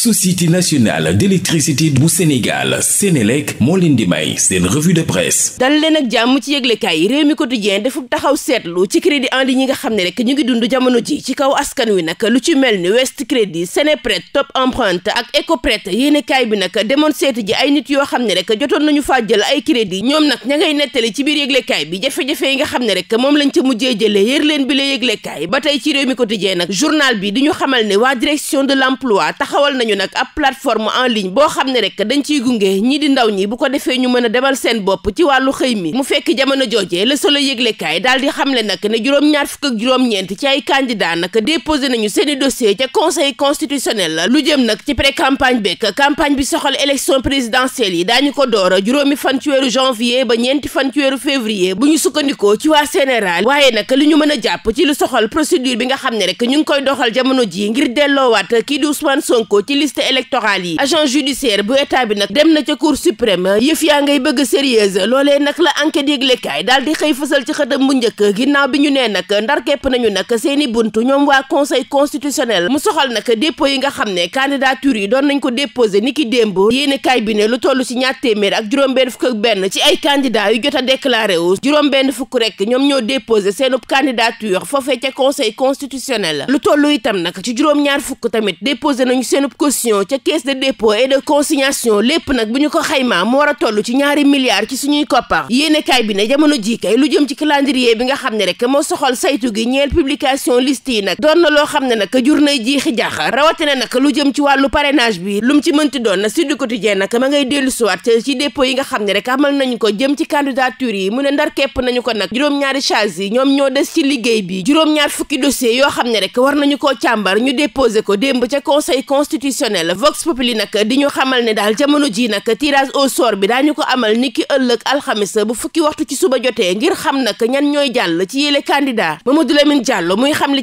société nationale d'électricité bu Sénégal Sénélec moo leen di may seen revue de presse dal leen ak jàmm ci yëglekaay yi réew mi quotidien defub taxaw seetlu ci crédit en ligne yi nga xam ne rek ñu ngi dund jamono ji ci kaw askan wi nag lu ci mel ni West Crédit Sénéprêt Top Empreinte ak Ecoprêt yéenekaay bi nag demoon seeti ji ay nit yoo xam ne rek jotoon nañu faa jël ay crédit ñoom nag ña ngay nettali ci biir yëglekaay bi jafe-jafe yi nga xam ne rek moom la yëglekaay ba tey ci réew mi quotidien nag journal bi di nañu nag ab plateforme en ligne boo xam ne rek dañ ciy gunge ñii di ndaw ñi bu ko defee ñu mën a demal seen bopp ci wàllu xëy mi mu fekk jamono joojee Le Soleil yëglekaay daal di xamle nag ne juróom-ñaar fukk ak juróom-ñeent ci ay candidat nag déposé nañu seeni dossier ca conseil constitutionnel lu jëm nag ci pré campagne bekk campagne bi soxal élection présidentielle yi daañu ko door juróomi fan ci weeru janvier ba ñeenti fan ci weeru février bu ñu sukkandikoo ci waa général waaye nag li ñu mën a jàpp ci lu soxal procédure bi nga xam ne rek ñu ngi koy doxal jamono ji ngir delloowaat liste électorale yi agent judiciaire bu état bi nag dem na ca cour suprême yëf yaa ngay bëgg sérieuse loolee nag la enquête yëglekaay daal di xëy fësal ci xëtam bu njëkk ginnaaw bi ñu nee nag ndar képp nañu nag seeni bunt ñoom waa conseil constitutionnel mu soxal nag dépôt yi nga xam ne candidature yi doon nañ ko déposé ni ki démb yéenekaay bi ne lu toll ci ñaar téeméer ak juróom-benn fukk ak benn ci ay candidat yu jot a déclaré juróom-benn fukk rek ñoom ñoo déposé seenub candidature foofee ca conseil constitutionnel lu toll itam nag ci juróom-ñaar fukk tamit caution ca caisse de dépôt et de consignation lépp nag bu ñu ko xaymaa mu war a toll ci ñaari milliards ci suñuy koppar yéenekaay bi ne jamono jii kay lu jëm ci calendrier bi nga xam ne rek moo soxal saytu gi ñeel publication list yi nag doon na loo xam ne nag jur nay jiixi jaaxa rawatina nag lu jëm ci wàllu parrainage bi lu mu ci mënti doon na Sud Quotidien nag ma ngay dellu siwaat ci dépôt yi nga xam ne rek amal nañu ko jëm ci candidature yi mu ndar képp nañu ko nag juróom-ñaari charge yi ñoom ñoo des ci liggéey bi juróom-ñaar fukki dossier yoo xam ne rek war nañu koo càmbar ñu déposé ko démb ca conseil constitution constitutionnel Vox Populi nag di ñu xamal ne daal jamono ji nag tirage au sort bi daañu ko amal niki ëllëg alxamis bu fukki waxtu ci suba jotee ngir xam nag ñan ñooy jàll ci yële candidat xam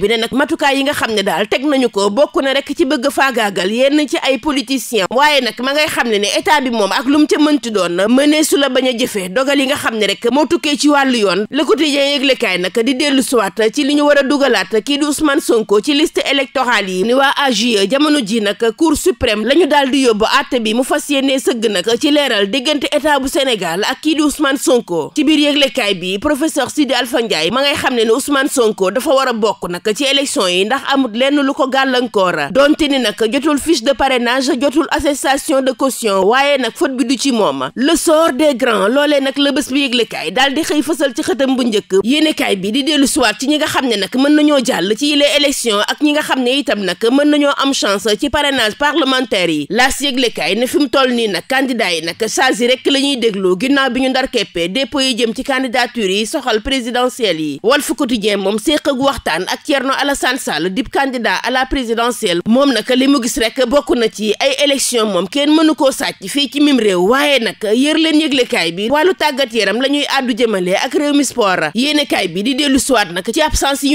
bi ne nag matukaay yi nga xam ne daal teg nañu ko bokk na rek ci bëgg faagaagal yenn ci ay politiciens waaye nag ma ngay xam ne ne état bi moom ak lu mu ca mënti doon mënee su la bañ a jëfee dogal yi nga xam ne rek moo tukkee ci wàllu yoon Le Quotidien yëglekaay nag di dellu siwaat ci li ñu war a dugalaat kii di Ousmane Sonko ci liste électorale yi ni waa AJ e jamono ji nag cour suprême la ñu daal di yóbbu àtte bi mu fas yéenee sëgg nag ci leeral diggante état bu Sénégal ak kii di Ousmane Sonko ci biir yëglekaay bi professeur Sidi Alpha Ndiaye ma ngay xam ne ne Ousmane Sonko dafa war bokk nag ci élection yi ndax amut lenn lu ko gàllankoor donte ni nag jotul fiche de parenage jotul attestation de caution waaye nag faute bi du ci moom le sort des grands loolee nag la bés bi yëglekaay daal di xëy fasal ci xëtam bu njëkk yéenekaay bi di dellu siwaat ci ñi nga xam ne nag mën nañoo jàll ci yile élection ak ñi nga xam ne itam nag mën nañoo am conséquence ci parrainage parlementaire yi laas yëglekaay ne fi mu toll nii nag candidat yi nag saasi rek la ñuy déglu ginnaaw bi ñu ndar keppee yi jëm ci candidature yi soxal présidentielle yi Walf Quotidien moom séq ak waxtaan ak Thierno Alassane Sall dib candidat à présidentielle moom nag li mu gis rek bokk na ci ay élection moom kenn mënu ko sàcc fii ci mim réew waaye nag yër leen yëglekaay bi wàllu tàggat yaram la ñuy àddu jëmale ak réew mi sport yéenekaay bi di dellu siwaat nag ci absence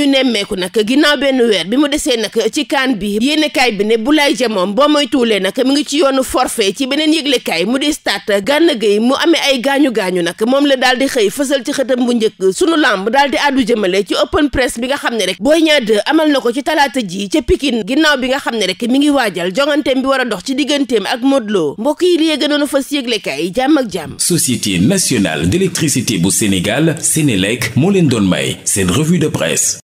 bu Boulaye Dia moom boo moytuwulee nag mi ngi ci yoonu forfait ci beneen yëglekaay mu di stade Gana Gueye mu amee ay gaañu-gaañu nag moom la daal di xëy fësal ci xëtam bu njëkk sunu lamb daal di àddu jëmale ci open press bi nga xam ne rek booy Niang amal na ko ci talaata ji ca Pikine ginnaaw bi nga xam ne rek mi ngi waajal jonganteem bi war a dox ci digganteem ak Modou Lo mbokk yi li gënoon a fas yëglekaay jàmm ak jàmm Société nationale d'électricité bu Sénégal Sénélec moo leen doon may seen revue de presse